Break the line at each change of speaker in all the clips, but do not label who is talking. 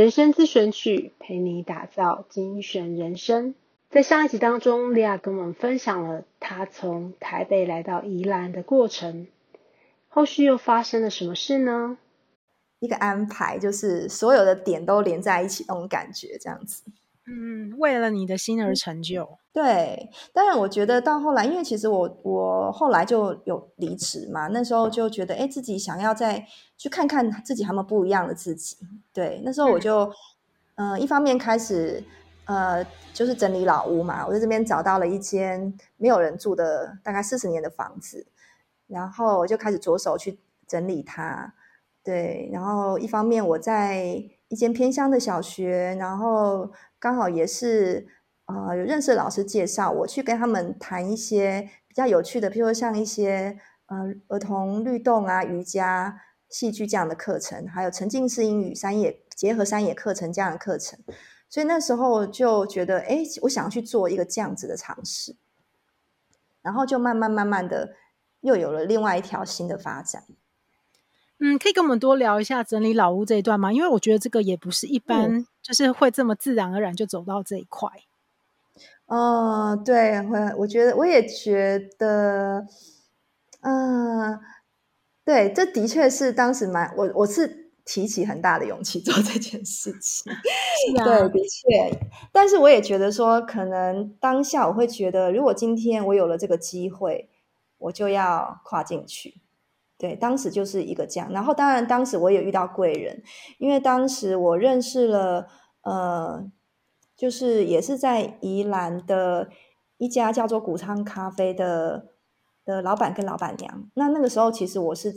人生自選曲，陪你打造精選人生。在上一集當中，莉亞跟我們分享了她從台北來到宜蘭的過程。後續又發生了什麼事呢？
一個安排，就是所有的點都連在一起，那種感覺，這樣子。
嗯，為了你的心而成就。
對，當然我覺得到後來，因為其實我我後來就有離職嘛，那時候就覺得，哎，自己想要再去看看自己還有沒有不一樣的自己。對，那時候我就，嗯、呃、一方面開始，呃，就是整理老屋嘛。我在這邊找到了一間沒有人住的大概四十年的房子，然後我就開始着手去整理它。對，然後一方面我在。一間偏鄉的小學，然後剛好也是，呃，有認識的老師介紹我，我去跟他們談一些比較有趣的，譬如說像一些呃兒童律動啊、瑜伽、戲劇這樣的課程，還有沉浸式英語、山野結合山野課程這樣的課程，所以那時候就覺得，哎，我想去做一個這樣子的嘗試，然後就慢慢慢慢的
又有了另外一條新的發展。嗯，可以跟我們多聊一下整理老屋這一段嗎？因為我覺得這個也不是一般、嗯，就是會這麼自然而然就走到這一塊。哦、
呃，對，我我覺得我也覺得，嗯、呃，對，這的確是當時蠻我我是提起很大的勇氣做這件事情，
是啊，對，的
確。 但是我也覺得說，可能當下我會覺得，如果今天我有了這個機會，我就要跨進去。對，當時就是一個這樣，然後當然當時我也遇到貴人，因為當時我認識了，呃，就是也是在宜蘭的一家叫做穀倉咖啡的的老闆跟老闆娘。那那個時候其實我是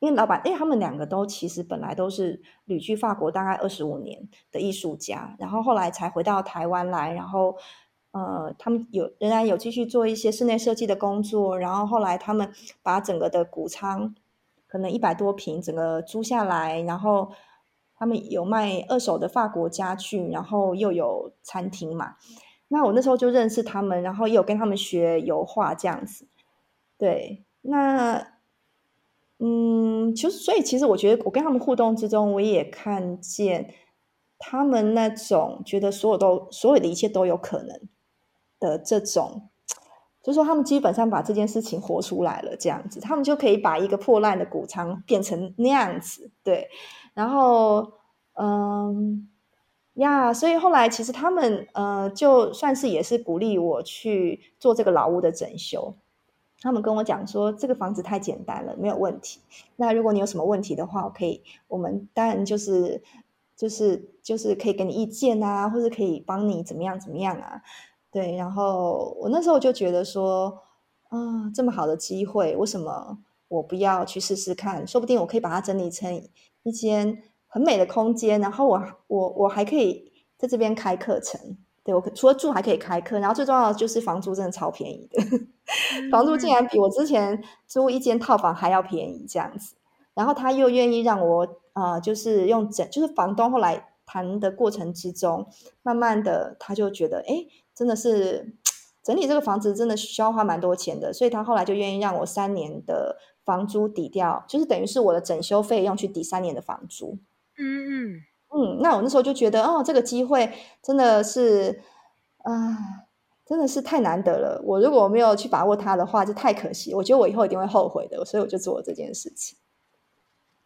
因為老闆，因為他們兩個都其實本來都是旅居法國大概二十五年的藝術家，然後後來才回到臺灣來，然後呃，他們有仍然有繼續做一些室內設計的工作，然後後來他們把整個的穀倉。可能一百多坪，整個租下來，然後他們有賣二手的法國家具，然後又有餐廳嘛。那我那時候就認識他們，然後也有跟他們學油畫這樣子。對，那嗯，其實所以其實我覺得，我跟他們互動之中，我也看見他們那種覺得所有都所有的一切都有可能的這種。就說他們基本上把這件事情活出來了，這樣子，他們就可以把一個破爛的穀倉變成那樣子。對，然後，嗯，呀，所以後來其實他們，呃，就算是也是鼓勵我去做這個老屋的整修。他們跟我講說，這個房子太簡單了，沒有問題。那如果你有什麼問題的話，我可以，我們當然就是，就是，就是可以給你意見啊，或是可以幫你怎麼樣，怎麼樣啊。對，然後我那時候我就覺得說，啊、嗯，這麼好的機會，為什麼我不要去試試看？說不定我可以把它整理成一間很美的空間，然後我我我還可以在這邊開課程。對，我除了住還可以開課，然後最重要的就是房租真的超便宜的， 房租竟然比我之前租一間套房還要便宜，這樣子。然後他又願意讓我啊、呃，就是用整，就是房東後來談的過程之中，慢慢的他就覺得，誒真的是整理這個房子，真的需要花蠻多錢的，所以他後來就願意讓我三年的房租抵掉，就是等於是我的整修費用去抵三年的房租。嗯嗯嗯，那我那時候就覺得，哦，這個機會真的是啊、呃，真的是太難得了。我如果沒有去把握它的話，就太可惜。我覺得我以後一定會後悔的，所以我就做了這件事情。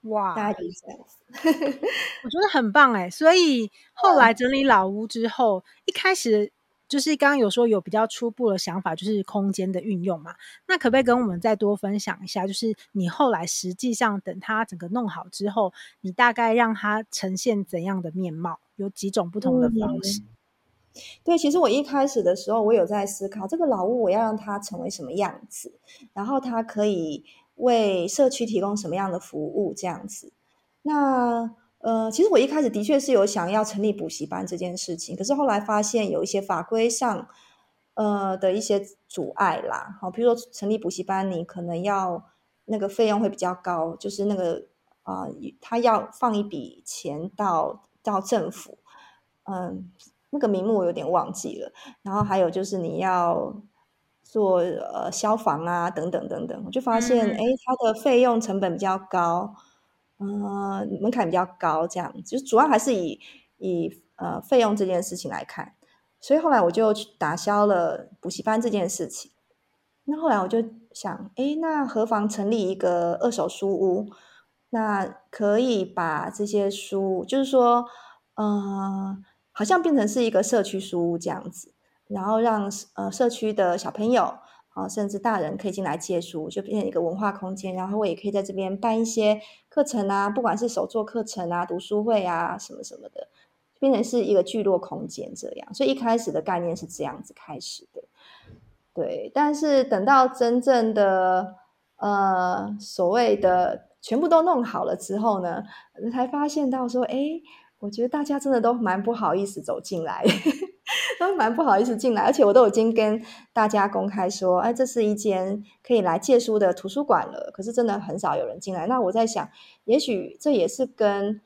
哇，大
家
我覺得很棒哎，所以後來整理老屋之後，一開始。就是剛剛有說，有比較初步的想法，就是空間的運用嘛。那可不可以跟我們再多分享一下？就是你後來實際上等它整個弄好之後，你大概讓它呈現怎樣的面貌？有幾種不同的方式？嗯嗯。
對，其實我一開始的時候，我有在思考這個老屋我要讓它成為什麼樣子，然後它可以為社區提供什麼樣的服務這樣子。那呃，其實我一開始的確是有想要成立補習班這件事情，可是後來發現有一些法規上，呃的一些阻礙啦，好、哦，比如說成立補習班，你可能要那個費用會比較高，就是那個啊、呃，他要放一筆錢到到政府，嗯、呃，那個名目我有點忘記了，然後還有就是你要做呃消防啊等等等等，我就發現哎，他的費用成本比較高。嗯、呃，門檻比較高，這樣，就主要還是以以呃費用這件事情來看，所以後來我就打消了補習班這件事情。那後來我就想，誒，那何妨成立一個二手書屋？那可以把這些書，就是說，嗯、呃，好像變成是一個社區書屋這樣子，然後讓呃社區的小朋友啊、呃，甚至大人可以進來借書，就變成一個文化空間。然後我也可以在這邊辦一些課程啊，不管是手作課程啊、讀書會啊什麼什麼的，變成是一個聚落空間這樣。所以一開始的概念是這樣子開始的，對。但是等到真正的呃所謂的全部都弄好了之後呢，才發現到說，哎，我覺得大家真的都蠻不好意思走進來。 都蠻不好意思進來，而且我都已經跟大家公開說，哎，這是一間可以來借書的圖書館了。可是真的很少有人進來。那我在想，也許這也是跟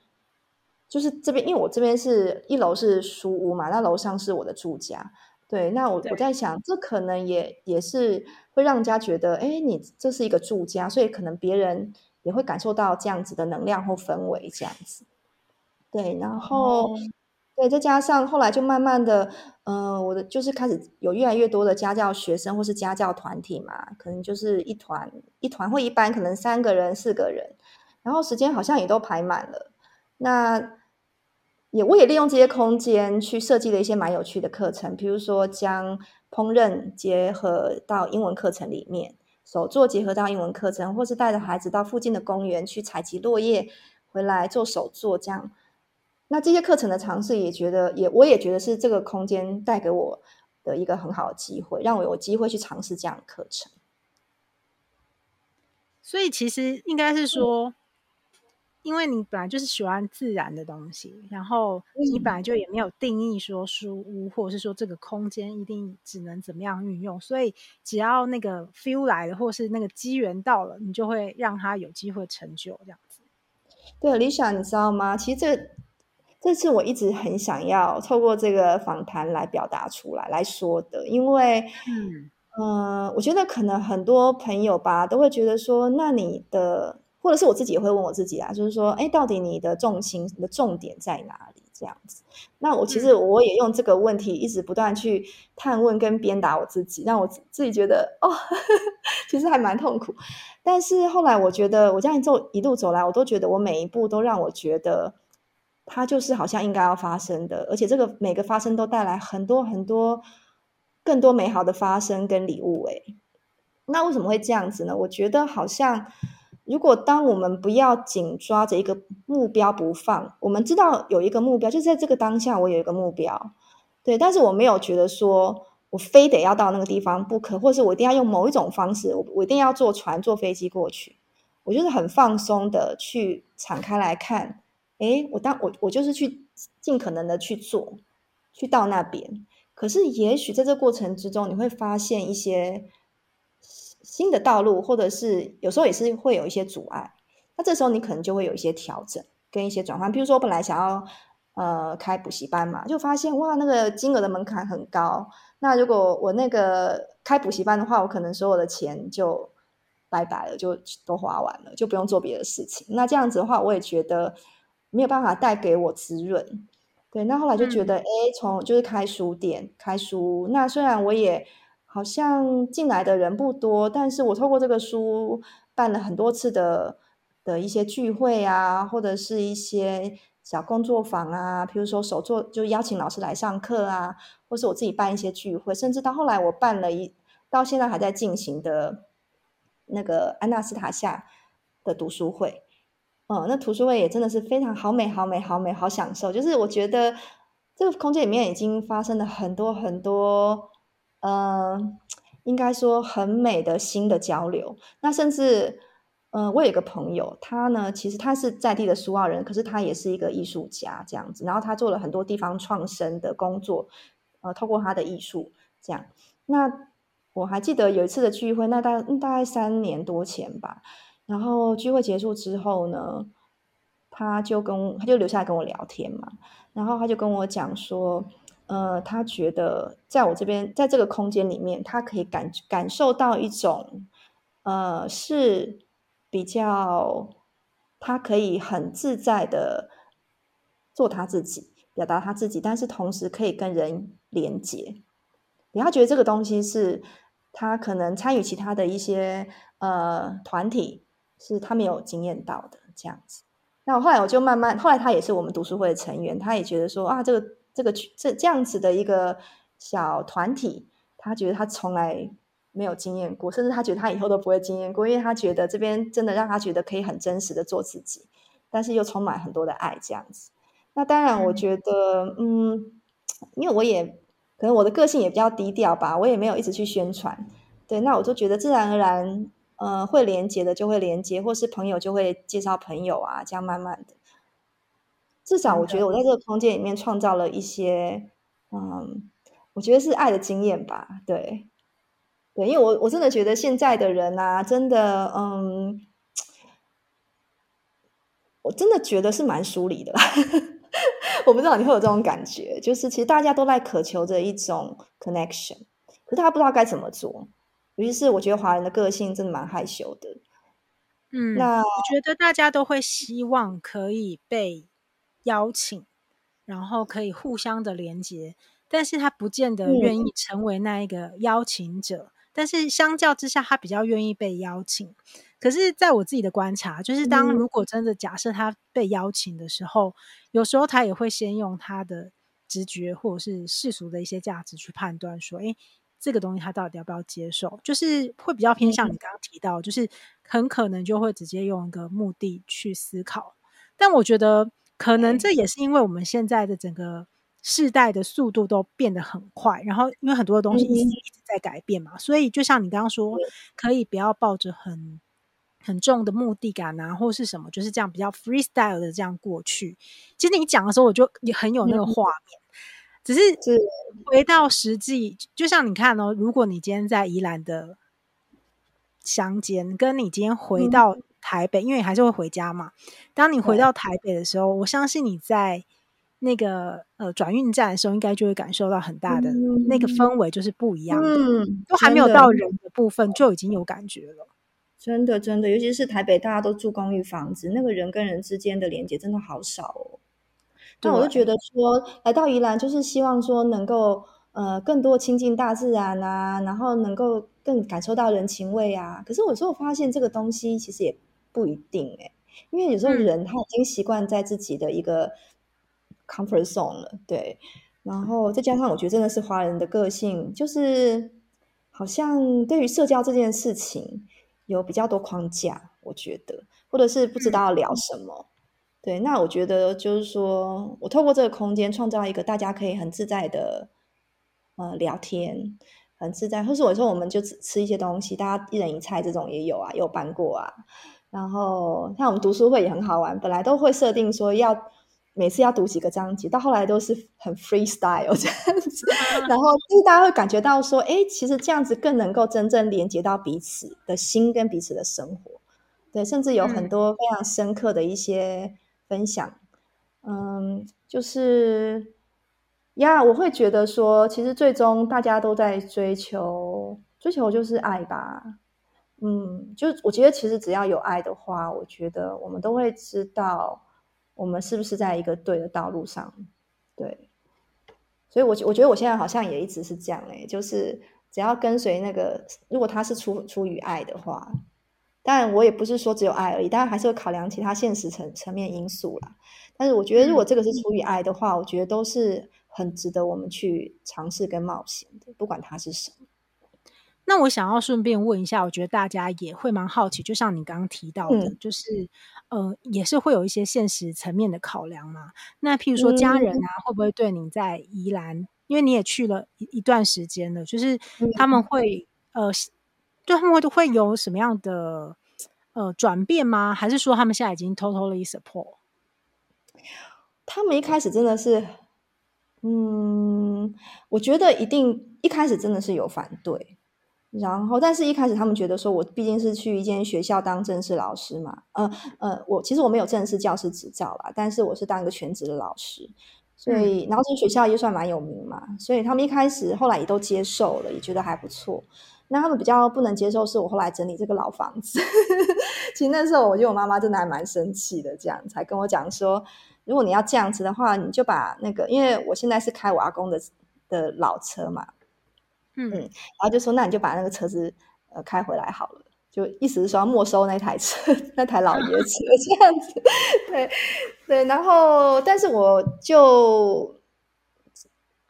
就是這邊，因為我這邊是一樓是書屋嘛，那樓上是我的住家。對，那我我在想，這可能也也是會讓人家覺得，哎，你這是一個住家，所以可能別人也會感受到這樣子的能量或氛圍這樣子。對，然後。嗯對，再加上後來就慢慢的，嗯、呃，我的就是開始有越來越多的家教學生或是家教團體嘛，可能就是一團一團或一班，可能三個人四個人，然後時間好像也都排滿了。那也我也利用這些空間去設計了一些蠻有趣的課程，比如說將烹飪結合到英文課程裡面，手作結合到英文課程，或是帶着孩子到附近的公園去採集落葉回來做手作這樣。那這些課程的嘗試，也覺得也我也覺得是這個空間帶給我的一個很好的機會，讓我有機會去嘗試這樣的課程。
所以其實應該是說、嗯，因為你本來就是喜歡自然的東西，然後你本來就也沒有定義說書屋，嗯、或者是說這個空間一定只能怎麼樣運用，所以只要那個 feel 來了，或是那個機緣到了，你就會讓它有機會成就這樣子。
對，理想你知道嗎？其實這個。這是我一直很想要透過這個訪談來表達出來來說的，因為，嗯、呃，我覺得可能很多朋友吧都會覺得說，那你的或者是我自己也會問我自己啊，就是說，誒，到底你的重心、你的重點在哪裡？這樣子。那我其實我也用這個問題一直不斷去探問跟鞭打我自己，讓我自己覺得哦呵呵，其實還蠻痛苦。但是後來我覺得，我這樣一路一路走來，我都覺得我每一步都讓我覺得它就是好像應該要發生的，而且這個每個發生都帶來很多很多更多美好的發生跟禮物。誒。那為什麼會這樣子呢？我覺得好像，如果當我們不要緊抓着一個目標不放，我們知道有一個目標，就是在這個當下我有一個目標，對，但是我沒有覺得說我非得要到那個地方不可，或者是我一定要用某一種方式，我一定要坐船坐飛機過去，我就是很放鬆的去敞開來看。哎，我當我我就是去盡可能的去做，去到那邊。可是也許在這過程之中，你會發現一些新的道路，或者是有時候也是會有一些阻礙。那這時候你可能就會有一些調整跟一些轉換。比如說，我本來想要呃開補習班嘛，就發現哇那個金額的門檻很高。那如果我那個開補習班的話，我可能所有的錢就拜拜了，就都花完了，就不用做別的事情。那這樣子的話，我也覺得。沒有辦法帶給我滋潤，對。那後來就覺得，哎、嗯，A，從就是開書店、開書，那雖然我也好像進來的人不多，但是我透過這個書辦了很多次的的一些聚會啊，或者是一些小工作坊啊，比如說手作，就邀請老師來上課啊，或是我自己辦一些聚會，甚至到後來我辦了一到現在還在進行的那個安納斯塔夏的讀書會。嗯、哦，那讀書會也真的是非常好，美好美好美好享受。就是我覺得這個空間裡面已經發生了很多很多，嗯、呃，應該說很美的新的交流。那甚至，嗯、呃，我有一個朋友，他呢，其實他是在地的蘇澳人，可是他也是一個藝術家這樣子。然後他做了很多地方創生的工作，呃，透過他的藝術這樣。那我還記得有一次的聚會，那大大概三年多前吧。然後聚會結束之後呢，他就跟他就留下來跟我聊天嘛。然後他就跟我講說，呃，他覺得在我這邊，在這個空間裡面，他可以感感受到一種，呃，是比較，他可以很自在的做他自己，表達他自己，但是同時可以跟人連接。然後他覺得這個東西是他可能參與其他的一些呃團體。是他沒有經驗到的這樣子，那我後來我就慢慢，後來他也是我們讀書會的成員，他也覺得說啊，這個這個這這樣子的一個小團體，他覺得他從來沒有經驗過，甚至他覺得他以後都不會經驗過，因為他覺得這邊真的讓他覺得可以很真實的做自己，但是又充滿很多的愛這樣子。那當然，我覺得嗯，因為我也可能我的個性也比較低調吧，我也沒有一直去宣傳，對，那我就覺得自然而然。呃，會連接的就會連接，或是朋友就會介紹朋友啊，這樣慢慢的。至少我覺得我在這個空間裡面創造了一些，嗯，我覺得是愛的經驗吧。對，對，因為我我真的覺得現在的人啊，真的，嗯，我真的覺得是蠻疏離的。 我不知道你會有這種感覺，就是其實大家都在渴求着一種 connection，可是大家不知道該怎麼做。於是我覺得華人的個性真的蠻害
羞的，嗯，那我覺得大家都會希望可以被邀請，然後可以互相的連接，但是他不見得願意成為那一個邀請者，嗯，但是相較之下，他比較願意被邀請。可是，在我自己的觀察，就是當如果真的假設他被邀請的時候，嗯，有時候他也會先用他的直覺或者是世俗的一些價值去判斷說，誒這個東西他到底要不要接受？就是會比較偏向你剛剛提到，就是很可能就會直接用一個目的去思考。但我覺得可能這也是因為我們現在的整個世代的速度都變得很快，然後因為很多的東西一直一直在改變嘛、嗯，所以就像你剛剛說，可以不要抱着很很重的目的感啊，或是什麼，就是這樣比較 freestyle 的這樣過去。其實你講的時候，我就也很有那個畫面。嗯只是只回到實際，就像你看哦，如果你今天在宜蘭的鄉間，跟你今天回到台北、嗯，因為你還是會回家嘛。當你回到台北的時候，我相信你在那個呃轉運站的時候，應該就會感受到很大的、嗯、那個氛圍，就是不一樣的。嗯，都還沒有到人的部分，就已經有感覺了。
真的，真的，尤其是台北，大家都住公寓房子，那個人跟人之間的連接真的好少哦。那我就覺得說，來到宜蘭就是希望說能夠呃更多親近大自然啊，然後能夠更感受到人情味啊。可是我之後發現這個東西其實也不一定誒、欸，因為有時候人他已經習慣在自己的一個 comfort zone 了。對，然後再加上我覺得真的是華人的個性，就是好像對於社交這件事情有比較多框架，我覺得或者是不知道聊什麼。對，那我覺得就是說，我透過這個空間創造一個大家可以很自在的，呃，聊天很自在，或是我說我們就只吃一些東西，大家一人一菜這種也有啊，也有辦過啊。然後像我們讀書會也很好玩，本來都會設定說要每次要讀幾個章節，到後來都是很 freestyle 這樣子。然後就是大家會感覺到說，哎，其實這樣子更能夠真正連接到彼此的心跟彼此的生活。對，甚至有很多非常深刻的一些。分享，嗯，就是呀，yeah, 我會覺得說，其實最終大家都在追求，追求就是愛吧。
嗯，
就我覺得，其實只要有愛的話，我覺得我們都會知道我們是不是在一個對的道路上，對。所以我，我我覺得我現在好像也一直是這樣欸，就是只要跟隨那個，如果他是出出於愛的話。當然，我也不是說只有愛而已，當然還是會考量其他現實層層面因素啦。但是，我覺得如果這個是出於愛的話，我覺得都是很值得我們去嘗試跟冒險的，
不管它是什麼。那我想要順便問一下，我覺得大家也會蠻好奇，就像你剛剛提到的，嗯、就是呃，也是會有一些現實層面的考量嘛，那譬如說家人啊，嗯、會不會對你在宜蘭，因為你也去了一一段時間了，就是他們會、嗯、呃。對他們會會有什麼樣的呃轉變嗎？還是說他們現在已經 totally support？他們一開始真的是，嗯，我覺得一定
一開始真的是有反對，然後，但是一開始他們覺得說，我畢竟是去一間學校當正式老師嘛，呃呃，我其實我沒有正式教師執照啦，但是我是當一個全職的老師，所以，嗯，然後這學校也算蠻有名嘛，所以他們一開始後來也都接受了，也覺得還不錯。那他們比較不能接受，是我後來整理這個老房子。 其實那時候，我覺得我媽媽真的還蠻生氣的，這樣才跟我講說，如果你要這樣子的話，你就把那個，因為我現在是開我阿公的的老車嘛，嗯，嗯，然後就說，那你就把那個車子呃開回來好了，就意思是說要沒收那台車，那台老爺車這樣子， 對對。然後，但是我就。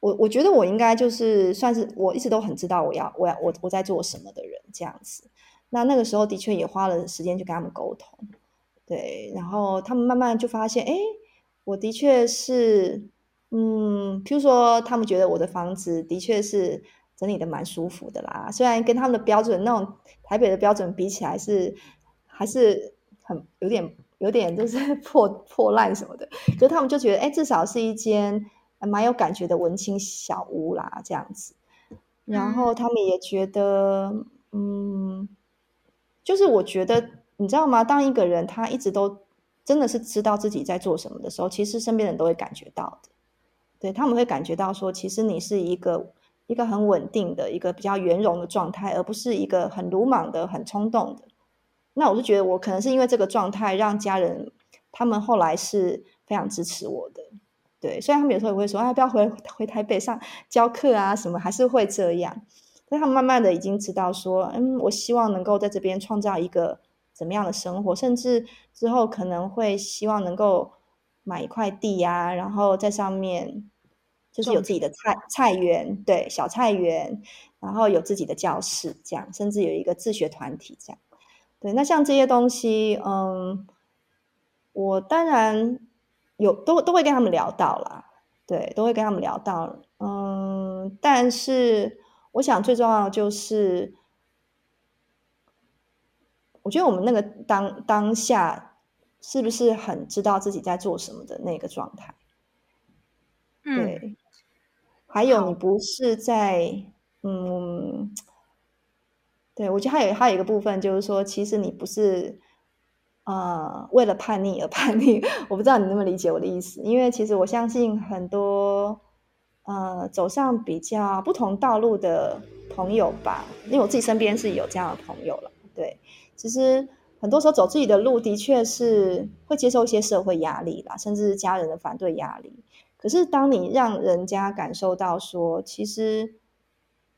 我我覺得我應該就是算是我一直都很知道我要我要我我在做什麼的人這樣子。那那個時候的確也花了時間去跟他們溝通，對，然後他們慢慢就發現，誒，我的確是，嗯，譬如說，他們覺得我的房子的確是整理得蠻舒服的啦，雖然跟他們的標準那種台北的標準比起來是還是很有點有點就是破破爛什麼的，可是他們就覺得，誒，至少是一間。蠻有感覺的文青小屋啦，這樣子。然後他們也覺得，嗯，就是我覺得，你知道嗎？當一個人他一直都真的是知道自己在做什麼的時候，其實身邊人都會感覺到的。對，他們會感覺到說，其實你是一個一個很穩定的一個比較圓融的狀態，而不是一個很魯莽的、很衝動的。那我就覺得，我可能是因為這個狀態，讓家人他們後來是非常支持我的。對，雖然他們有時候也會說：“啊，不要回回台北上教課啊，什麼還是會這樣。”，但他們慢慢的已經知道說：“嗯，我希望能夠在這邊創造一個怎麼樣的生活，甚至之後可能會希望能夠買一塊地啊，然後在上面就是有自己的菜菜園，對，小菜園，然後有自己的教室，這樣，甚至有一個自學團體，這樣。”對，那像這些東西，嗯，我當然。有都都會跟他們聊到啦，對，都會跟他們聊到。嗯，但是我想最重要的就是，我覺得我們那個當當下是不是很知道自己在做什麼的那個狀態？
對。
嗯，還有你不是在，嗯，對我覺得還有還有一個部分就是說，其實你不是。呃，為了叛逆而叛逆，我不知道你能不能理解我的意思，因為其實我相信很多，呃，走上比較不同道路的朋友吧，因為我自己身邊是有這樣的朋友了。對，其實很多時候走自己的路，的確是會接受一些社會壓力啦，甚至是家人的反對壓力。可是當你讓人家感受到說，其實，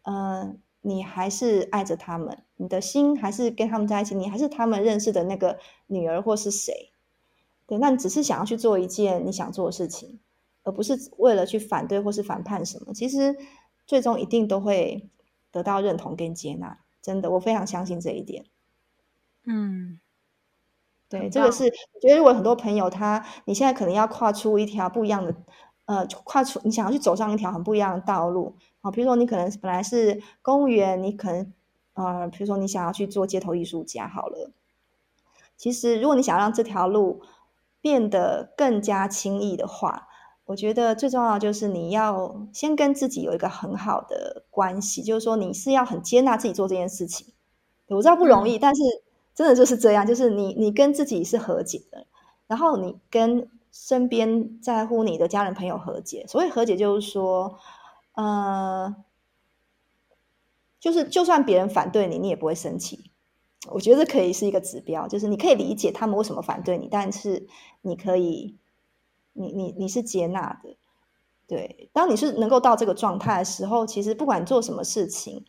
嗯、呃。你還是愛着他們，你的心還是跟他們在一起，你還是他們認識的那個女兒或是誰。對，那你只是想要去做一件你想做的事情，而不是為了去反對或是反叛什麼。其實最終一定都會得到認同跟接納，真的，我非常相信這一點。嗯，對，這個是我覺得，如果很多朋友他你現在可能要跨出一條不一樣的，呃，跨出你想要去走上一條很不一樣的道路。啊，比如說你可能本來是公務員，你可能，啊、呃，比如說你想要去做街頭藝術家，好了。其實，如果你想讓這條路變得更加輕易的話，我覺得最重要的就是你要先跟自己有一個很好的關係，就是說你是要很接納自己做這件事情。我知道不容易，但是真的就是這樣，就是你你跟自己是和解的，然後你跟身邊在乎你的家人朋友和解。所謂和解，就是說。呃，就是就算別人反對你，你也不會生氣。我覺得這可以是一個指標，就是你可以理解他們為什麼反對你，但是你可以，你你你是接納的。對，當你是能夠到這個狀態的時候，其實不管做什麼事情，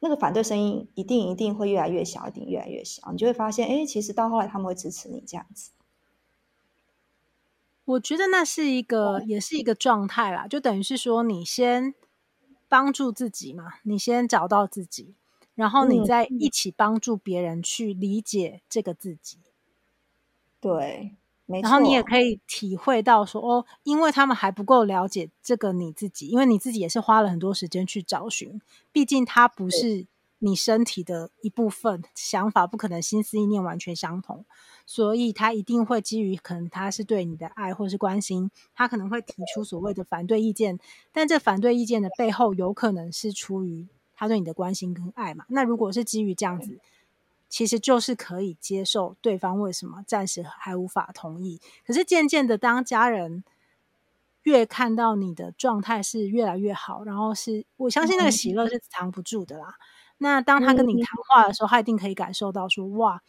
那個反對聲音一定一定會越來越小，一定越來越小，
你就會發現，哎，其實到後來他們會支持你這樣子。我覺得那是一個，也是一個狀態啦，就等於是說，你先幫助自己嘛，你先找到自己，然後你再一起幫助別人去理解這個自己。嗯，對，沒錯。然後你也可以體會到說，哦，因為他們還不夠了解這個你自己，因為你自己也是花了很多時間去找尋，畢竟他不是，你身體的一部分想法不可能心思意念完全相同，所以他一定會基於可能他是對你的愛或是關心，他可能會提出所謂的反對意見，但這反對意見的背後有可能是出於他對你的關心跟愛嘛。那如果是基於這樣子，其實就是可以接受對方為什麼暫時還無法同意，可是漸漸的，當家人越看到你的狀態是越來越好，然後是我相信那個喜樂是藏不住的啦。那當他跟你談話的時候嗯嗯，他一定可以感受到說：“哇，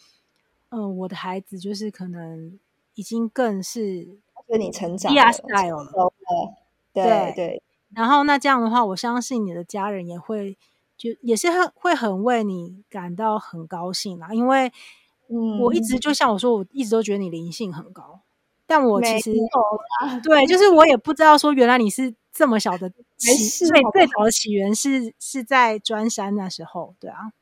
嗯、呃，我的孩子就是可能已經更是跟你成長了 style 了成熟了對對，對，然後那這樣的話，我相信你的家人也會就也是很會很為你感到很高興啦。因為嗯，我一直就像我說，我一直都覺得你靈性很高，但我其實對，就是我也不知道說原來你是這麼小的。最最早的起源是是在專三那時候，
對啊，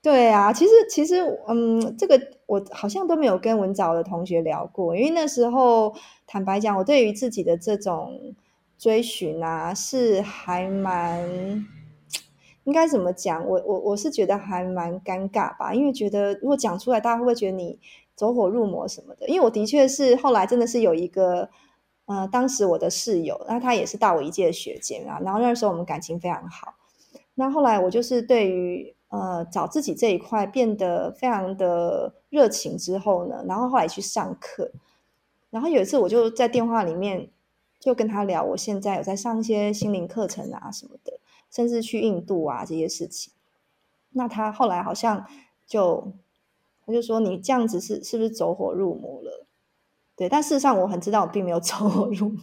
對啊。其實其實，嗯，這個我好像都沒有跟文藻的同學聊過，因為那時候，坦白講，我對於自己的這種追尋啊，是還蠻，應該怎麼講？我我我是覺得還蠻尷尬吧，因為覺得如果講出來，大家會不會覺得你走火入魔什麼的？因為我的確是後來真的是有一個。呃，當時我的室友，那他也是大我一屆的學姐啊，然後那時候我們感情非常好。那後來我就是對於呃找自己這一塊變得非常的熱情之後呢，然後後來去上課，然後有一次我就在電話裡面就跟他聊，我現在有在上一些心靈課程啊什麼的，甚至去印度啊這些事情。那他後來好像就他就說，你這樣子是是不是走火入魔了？對，但事實上我很知道我並沒有走火入魔。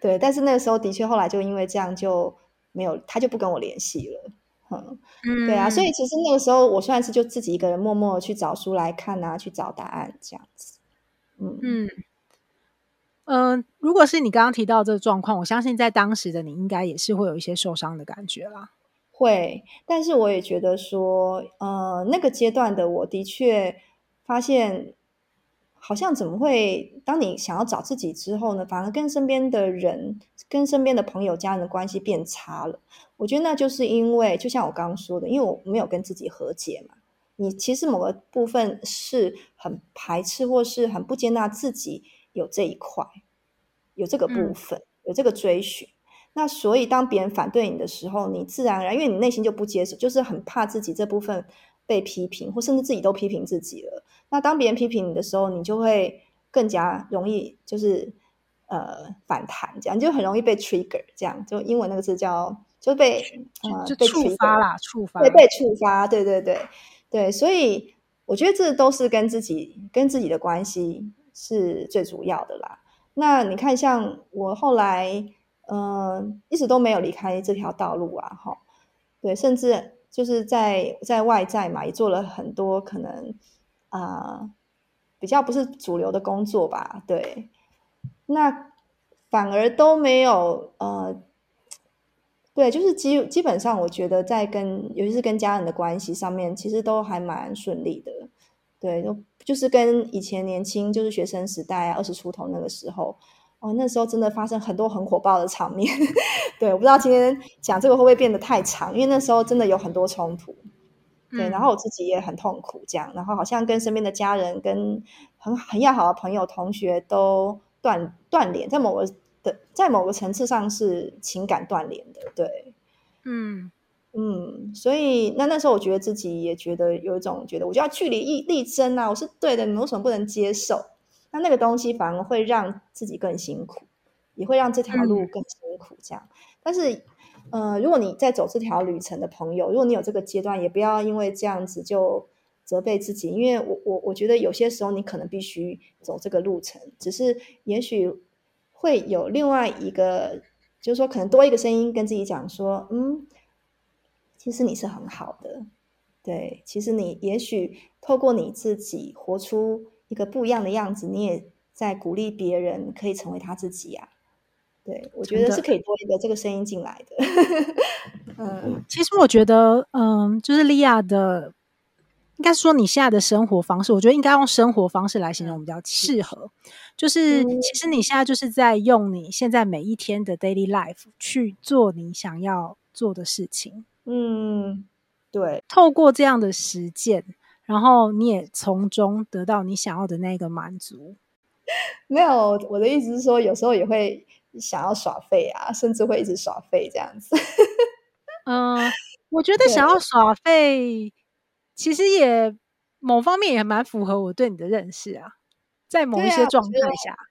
對，但是那個時候的確後來就因為這樣就沒有，他就不跟我聯繫了，嗯嗯。對啊，所以其實那個時候我算是就自己一個人默默
去找書來看啊，去找答案這樣子。嗯嗯嗯、呃，如果是你剛剛提到的這個狀況，我相信在當時的你應該也是會有一些受傷的感覺啦。
會，但是我也覺得說，呃，那個階段的我的確發現。好像怎麼會？當你想要找自己之後呢，反而跟身邊的人，跟身邊的朋友、家人的關係變差了。我覺得那就是因為，就像我剛剛說的，因為我沒有跟自己和解嘛。你其實某個部分是很排斥，或是很不接納自己有這一塊，有這個部分，嗯，有這個追尋。那所以當別人反對你的時候，你自然而然，因為你內心就不接受，就是很怕自己這部分。被批評，或甚至自己都批評自己了。那當別人批評你的時候，你就會更加容易，就是呃反彈，這樣你就很容易被 trigger，這樣就英文那個字叫就被呃被觸發啦，觸發，被被觸發。對對對對，所以我覺得這都是跟自己跟自己的關係是最主要的啦。那你看，像我後來嗯、呃、一直都沒有離開這條道路啊，哈，對，甚至。就是在在外在嘛，也做了很多可能啊、呃、比較不是主流的工作吧，對，那反而都沒有呃，對，就是基基本上我覺得在跟尤其是跟家人的關係上面，其實都還蠻順利的，對，就就是跟以前年輕就是學生時代啊二十出頭那個時候。哦，那時候真的發生很多很火爆的場面， 對，我不知道今天講這個會不會變得太長，因為那時候真的有很多衝突，對、嗯，然後我自己也很痛苦，這樣，然後好像跟身邊的家人、跟很很要好的朋友、同學都斷斷聯，在某個的在某個層次上是情感斷聯的，對，嗯嗯，所以那那時候我覺得自己也覺得有一種覺得，我就要據理力力爭啊，我是對的，你為什麼不能接受？那那個東西反而會讓自己更辛苦，也會讓這條路更辛苦。這樣、嗯，但是，呃，如果你在走這條旅程的朋友，如果你有這個階段，也不要因為這樣子就責備自己，因為我我我覺得有些時候你可能必須走這個路程，只是也許會有另外一個，就是說可能多一個聲音跟自己講說，嗯，其實你是很好的，對，其實你也許透過你自己活出，一個不一樣的樣子，你也在鼓勵別人可以
成為他自己呀、啊。對，我覺得是可以多一個這個聲音進來的。的 嗯，其實我覺得，嗯，就是莉亞的，應該說你現在的生活方式，我覺得應該用生活方式來形容比較適合、嗯。就是其實你現在就是在用你現在每一天的 daily life 去做你想要做的事情。嗯，對，透過這樣的實踐。然後你也從中得到你想要的那個滿足。
沒有，我的意思是說，有時候也會想要耍廢啊，甚至會一直耍廢這樣子。
嗯、 呃，我覺得想要耍廢，其實也某方面也蠻符合我對你的認識啊。在某一些狀態下，啊、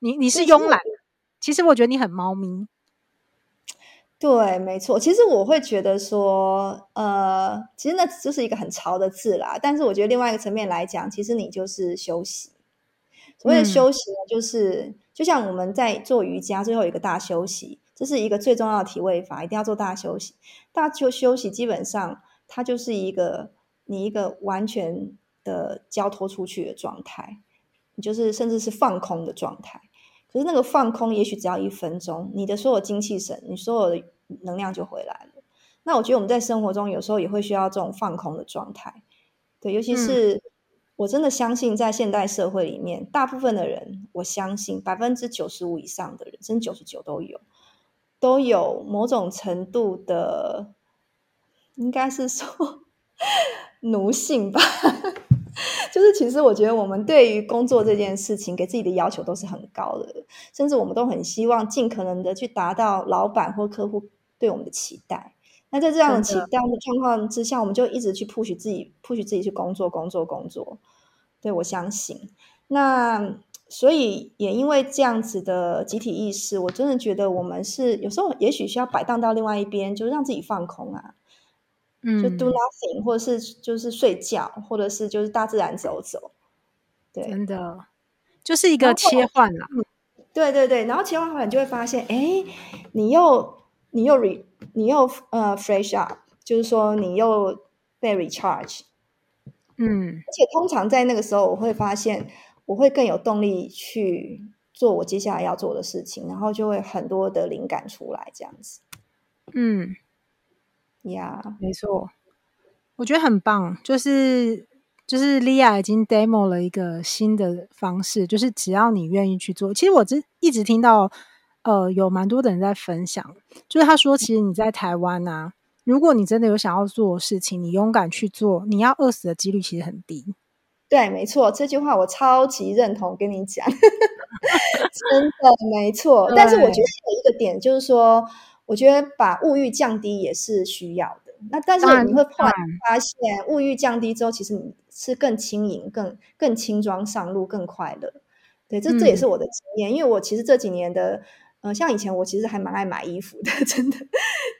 你你是慵懶、就是，其實我覺得你很貓咪。對，沒錯。其
實我會覺得說，呃，其實那只是一個很潮的字啦。但是我覺得另外一個層面來講，其實你就是休息。所謂的休息呢，嗯，就是就像我們在做瑜伽最後一個大休息，這是一個最重要的體位法，一定要做大休息。大休休息基本上它就是一個你一個完全的交托出去的狀態，你就是甚至是放空的狀態。可是那個放空，也許只要一分鐘，你的所有精氣神，你所有的能量就回來了。那我覺得我們在生活中有時候也會需要這種放空的狀態，對，尤其是我真的相信，在現代社會裡面，嗯，大部分的人，我相信百分之九十五以上的人，甚至九十九都有，都有某種程度的，應該是說 奴性吧。 就是，其實我覺得我們對於工作這件事情，給自己的要求都是很高的，甚至我們都很希望盡可能的去達到老板或客戶對我們的期待。那在這樣的期待的狀況之下，我們就一直去 push 自己，push 自己去工作，工作，工作。對，我相信。那所以也因為這樣子的集體意識，我真的覺得我們是有時候也許需要擺盪到另外一邊，就讓自己放空啊。就 do nothing，嗯，或是就是睡覺，或者是就是大自然走走，對，真的就是一個切換了。對對對，然後切換完你就會發現，哎，你又你又 re，你又呃 fresh up，就是說你又被 recharge。嗯，而且通常在那個時候，我會發現，我會更有動力去做我接下來要做的事情，然後就會很多的靈感出來，這樣子。嗯。
呀，沒錯，我覺得很棒。就是就是，Leah 已經 demo 了一個新的方式，就是只要你願意去做。其實我這一直聽到，呃，有蠻多的人在分享，就是他說，其實你在台灣啊，如果你真的有想要做的事情，你勇敢去做，你要餓死的幾率其實很低。
對，沒錯，這句話我超級認同。跟你講， 真的沒錯。但是我覺得有一個點，就是說。我覺得把物欲降低也是需要的，那但是你會突然發現物欲降低之後，其實你是更輕盈、更更輕裝上路、更快樂。對，這這也是我的經驗，嗯，因為我其實這幾年的，呃，像以前我其實還蠻愛買衣服的，真的。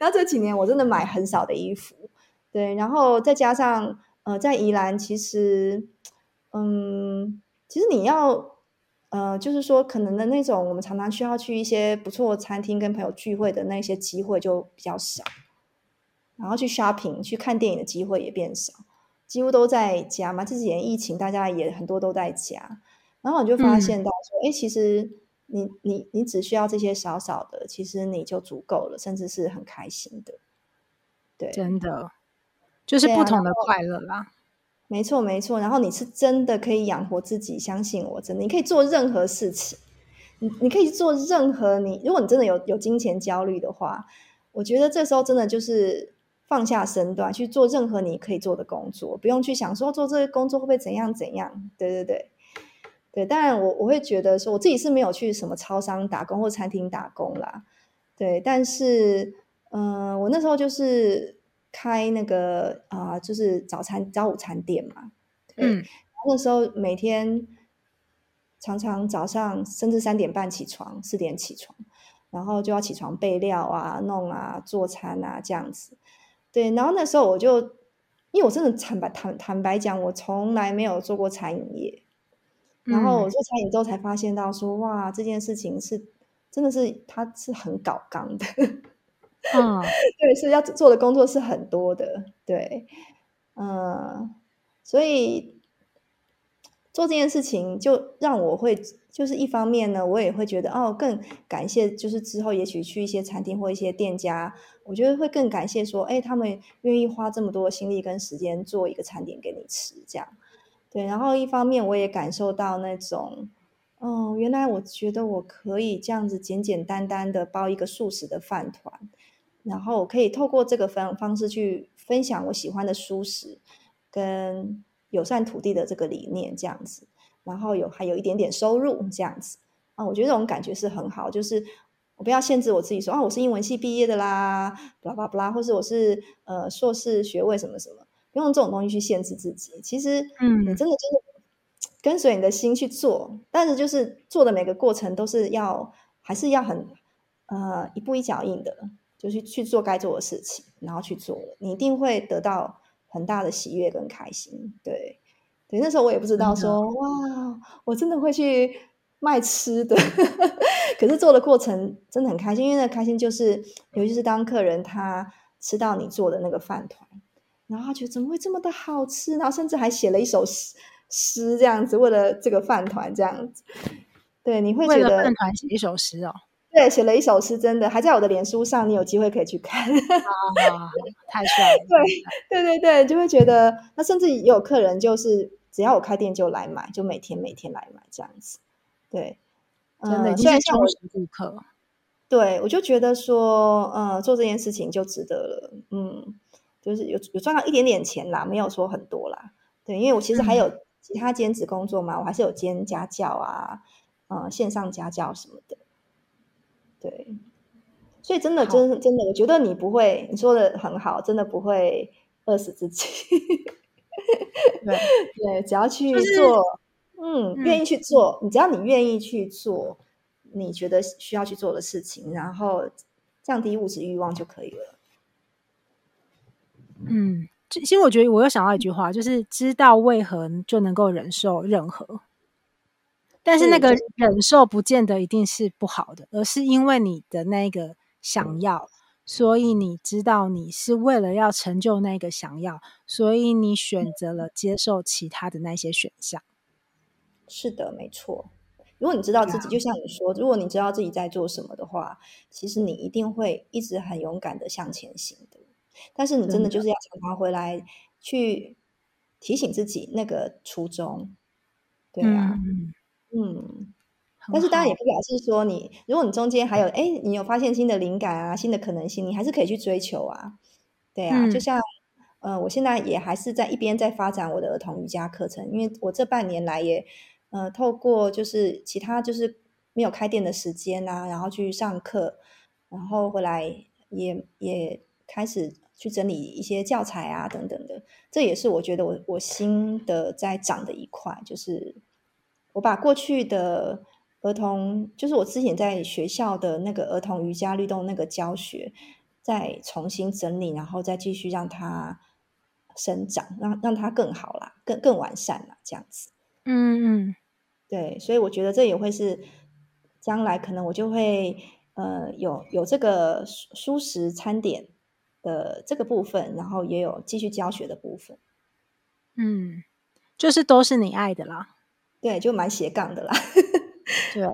然後這幾年我真的買很少的衣服，對。然後再加上，呃，在宜蘭其實，嗯，其實你要。呃，就是說，可能的那種，我們常常需要去一些不錯餐廳跟朋友聚會的那些機會就比較少，然後去 shopping 去看電影的機會也變少，幾乎都在家嘛。這幾年疫情，大家也很多都在家，然後我就發現到說，哎、嗯欸，其實你你你，你只需要這些少少的，其實你就足夠了，甚至是很開心的。對，真的，
就是不同的快
樂啦。沒錯，沒錯。然後你是真的可以養活自己，相信我，真的，你可以做任何事情。你你可以做任何你，如果你真的有有金錢焦慮的話，我覺得這時候真的就是放下身段去做任何你可以做的工作，不用去想說做這個工作會不會怎樣怎樣。對對對，對。當然，我我會覺得說，我自己是沒有去什麼超商打工或餐廳打工啦。對，但是，嗯、呃，我那時候就是。開那個啊、呃，就是早餐早午餐店嘛，對。嗯，然後那時候每天常常早上甚至三點半起床，四點起床，然後就要起床備料啊、弄啊、做餐啊這樣子。對，然後那時候我就因為我真的坦白坦坦白講，我從來沒有做過餐飲業。
然後我做
餐飲之後才發現到說，嗯、哇，這件事情是真的是它是很搞剛的。嗯， 對，是要做的工作是很多的，對，嗯、呃，所以做這件事情就讓我會就是一方面呢，我也會覺得哦，更感謝就是之後也許去一些餐廳或一些店家，我覺得會更感謝說，哎，他們願意花這麼多心力跟時間做一個餐點給你吃，這樣，對。然後一方面我也感受到那種，哦，原來我覺得我可以這樣子簡簡單單的包一個素食的飯糰。然後我可以透過這個方方式，去分享我喜歡的舒食、跟友善土地的這個理念這樣子，然後有還有一點點收入這樣子啊，我覺得這種感覺是很好。就是我不要限制我自己，說啊，我是英文系畢業的啦，巴拉巴拉，或是我是呃碩士學位，什麼什麼，不用這種東西去限制自己。其實，
嗯，
你真的真的跟隨你的心去做，但是就是做的每個過程都是要還是要很呃一步一腳印的。就是去做該做的事情，然後去做了，你一定會得到很大的喜悅跟開心。對，對，那時候我也不知道說哇，我真的會去賣吃的， 可是做的過程真的很開心，因為那開心就是，尤其是當客人他吃到你做的那個飯糰，然後他覺得怎麼會這麼的好吃，然後甚至還寫了一首詩，詩這樣子，為了這個飯糰這樣子，對，你會覺得飯糰
寫一首詩哦。
對，寫了一首詩，真的還在我的臉書上，你有機會可以去看， oh, oh, oh, oh, oh. 太帥了。 對，對，對，對，就會覺得那甚至也有客人，就是只要我開店就來買，就每天每天來買這樣子。對，真的現在忠實顧客、嗯。對，我就覺得說，嗯、呃、做這件事情就值得了。嗯，就是有有賺到一點點錢啦，沒有說很多啦。對，因為我其實還有其他兼職工作嘛，嗯、我還是有兼家教啊，呃，線上家教什麼的。對，所以真的，真真的，我覺得你不會，你說得很好，真的不會餓死自己。 對，對只要去做，就
是、嗯，願意去
做、嗯，你只要你願意去做，你覺得需要去做的事情，然後降低物質慾望就可以了。嗯，
其實我覺得我又想到一句話，就是知道為何就能夠忍受任何。但是那個忍受不見得一定是不好的，嗯、而是因為你的那個想要、嗯，所以你知道你是為了要成就那個想要，所以你選擇了接受其他的那些選項。是的，沒錯。
如果你知道自己、嗯，就像你說，如果你知道自己在做什麼的話，其實你一定會一直很勇敢的向前行的。但是你真的就是要常回來去提醒自己那個初
衷，對啊。嗯
嗯，但是當然也不表示說你，如果你中間還有哎，你有發現新的靈感啊，新的可能性，你還是可以去追求啊。對啊，嗯、就像呃，我現在也還是在一邊在發展我的兒童瑜伽課程，因為我這半年來也，呃，透過就是其他就是沒有開店的時間吶、啊，然後去上課，然後回來也也開始去整理一些教材啊等等的，這也是我覺得我我新的在長的一塊就是。我把過去的兒童，就是我之前在學校的那個兒童瑜伽律動那個教學，再重新整理，然後再繼續讓它生長，讓讓它更好啦，更更完善啦，這樣子。
嗯嗯，
對，所以我覺得這也會是將來可能我就會呃有有這個舒舒食餐點的這個部分，然後也有繼續教學的部分。
嗯，就是都是你愛的啦。對，就蠻斜槓的啦。 對，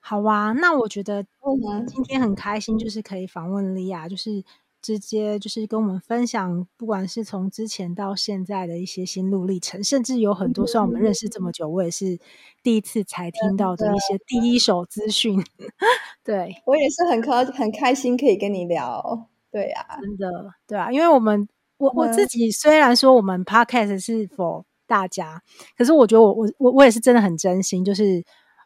好哇、啊。那我覺得我們今天很開心，就是可以訪問莉亞，就是直接就是跟我們分享，不管是從之前到現在的一些心路歷程，甚至有很多算我們認識這麼久、嗯，我也是第一次才聽到的一些第一手資訊。對，對，對。 對，我也是很可很開心可以跟你聊。對呀、啊，真的，對啊，因為我們我、嗯、我自己雖然說我們 Podcast 是否。大家，可是我覺得我我我我也是真的很真心，就是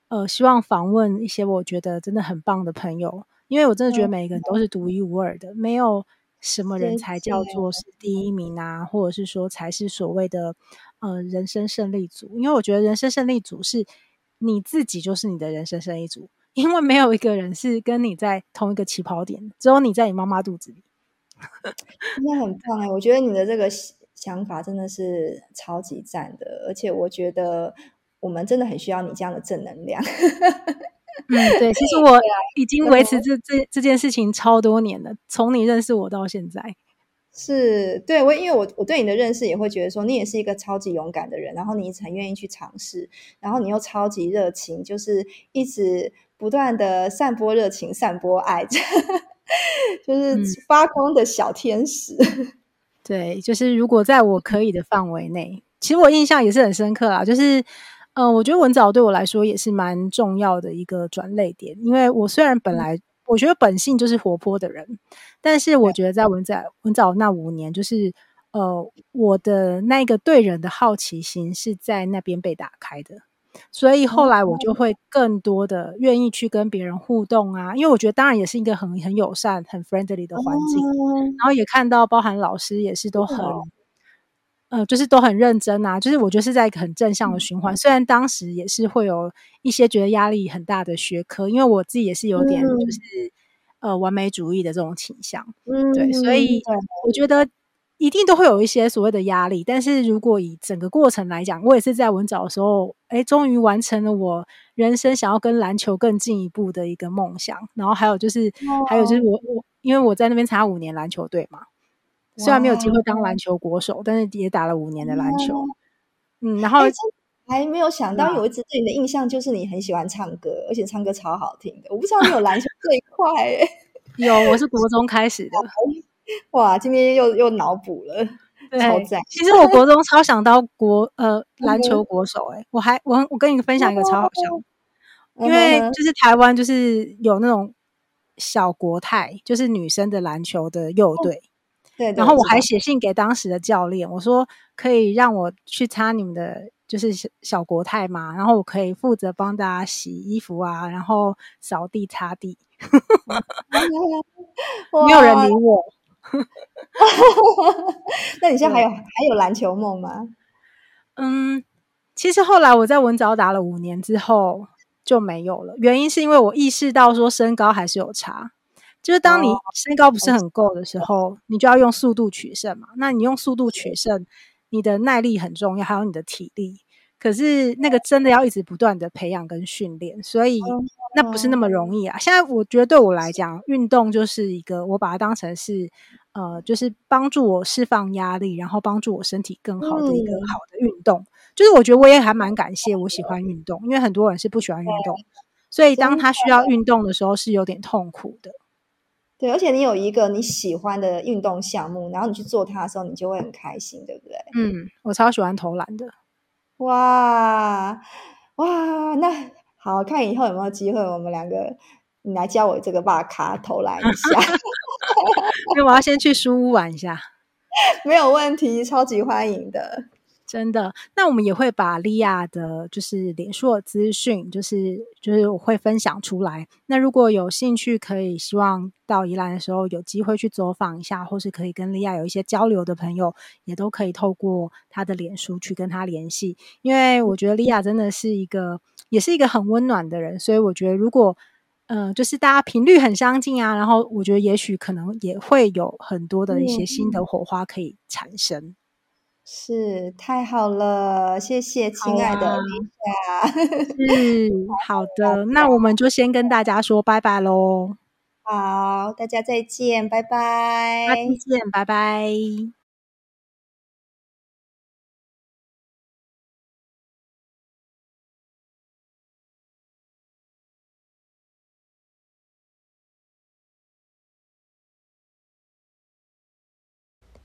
呃，希望訪問一些我覺得真的很棒的朋友，因為我真的覺得每一個人都是獨一無二的，沒有什麼人才叫做是第一名啊，或者是說才是所謂的呃人生勝利組，因為我覺得人生勝利組是你自己就是你的人生勝利組，因為沒有一個人是跟你在同一個起跑點，只有你在你媽媽肚子裡，
那很棒哎，我覺得你的這個。想法真的是超級讚的，而且我覺得我們真的很需要你這樣的正能量。 嗯，對, 對、啊，其實我已經維持這、
啊、這這件事情超多年了，從你認識我到現在，
是對，我因為我我對你的認識也會覺得說你也是一個超級勇敢的人，然後你一直很願意去嘗試，然後你又超級熱情，就是一直不斷的散播熱情、散播愛， 就是發光的小天使。嗯
對，就是如果在我可以的範圍內，其實我印象也是很深刻啊。就是，嗯、呃，我覺得文藻對我來說也是蠻重要的一個轉捩點，因為我雖然本來我覺得本性就是活潑的人，但是我覺得在文藻文藻那五年，就是呃，我的那個對人的好奇心是在那邊被打開的。所以後來我就會更多的願意去跟別人互動啊，因為我覺得當然也是一個很很友善、很 friendly 的環境，然後也看到包含老師也是都很，呃，就是都很認真啊，就是我覺得是在一個很正向的循環，嗯。雖然當時也是會有一些覺得壓力很大的學科，因為我自己也是有點就是，嗯，呃完美主義的這種傾向，對，所以我覺得。一定都會有一些所謂的壓力，但是如果以整個過程來講，我也是在文藻的時候，哎，終於完成了我人生想要跟籃球更進一步的一個夢想。然後還有就是，哦、還有就是我我因為我在那邊插五年籃球隊嘛，雖然沒有機會當籃球國手，但是也打了五年的籃球。嗯，
嗯然後還沒有想到，有、嗯、一直對你的印象就是你很喜歡唱歌，而且唱歌超好聽的。我不知道你有籃球這一塊， 有，我是國中開始的。哇，今天又又腦補了，超讚！其實我國
中超想當國呃籃 球國手、欸，哎，我還我我跟你分享一個超好笑， 因為就是台灣就是有那種小國泰，就是女生的籃球的幼隊，
對。 然後我還寫
信給當時的教練，我說可以讓我去擦你們的，就是小國泰嗎？然後我可以負責幫大家洗衣服啊，然後掃地擦地， 沒有人理我。 那你現在還有還有籃球夢嗎？嗯，其實後來我在文藻打了五年之後就沒有了。原因是因為我意識到說，身高還是有差，就是當你身高不是很夠的時候，哦，你就要用速度取勝嘛。那你用速度取勝，你的耐力很重要，還有你的體力。可是那個真的要一直不斷的培養跟訓練，所以那不是那麼容易啊。現在我覺得對我來講，運動就是一個，我把它當成是，呃，就是幫助我釋放壓力，然後幫助我身體更好的一個好的運動。嗯。就是我覺得我也還蠻感謝我喜歡運動，因為很多人是不喜歡運動，所以當他需要運動的時候是有點痛苦的。
對，而且你有一個你喜歡的運動項目，然後你去做它的時候，你就會很開心，對不對？嗯，
我超喜歡投籃的。
哇哇，那好看，以後有沒有機會我們兩個，你來教我這個把卡投籃一下？ 因為我要
先去書屋玩一下。沒有問題，超級歡迎的。真的，那我們也會把 Leah 的，就是臉書的資訊，就是就是我會分享出來。那如果有興趣，可以希望到宜蘭的時候有機會去走訪一下，或是可以跟 Leah 有一些交流的朋友，也都可以透過他的臉書去跟他聯繫。因為我覺得 Leah 真的是一個，也是一個很溫暖的人，所以我覺得如果，呃，就是大家頻率很相近啊，然後我覺得也許可能也會有很多的一些新的火花可以產生。嗯
是太好
了，謝謝親愛的 Leah 好啊。好的，那我們就先跟大家說拜拜嘍。
好，大家再見，拜拜。
再見，拜拜。拜拜。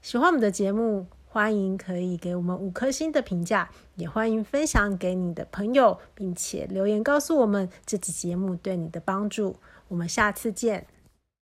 喜歡我們的節目，歡迎可以給我們五顆星的評價，也歡迎分享給你的朋友，並且留言告訴我們這期節目對你的幫助。我們下次見。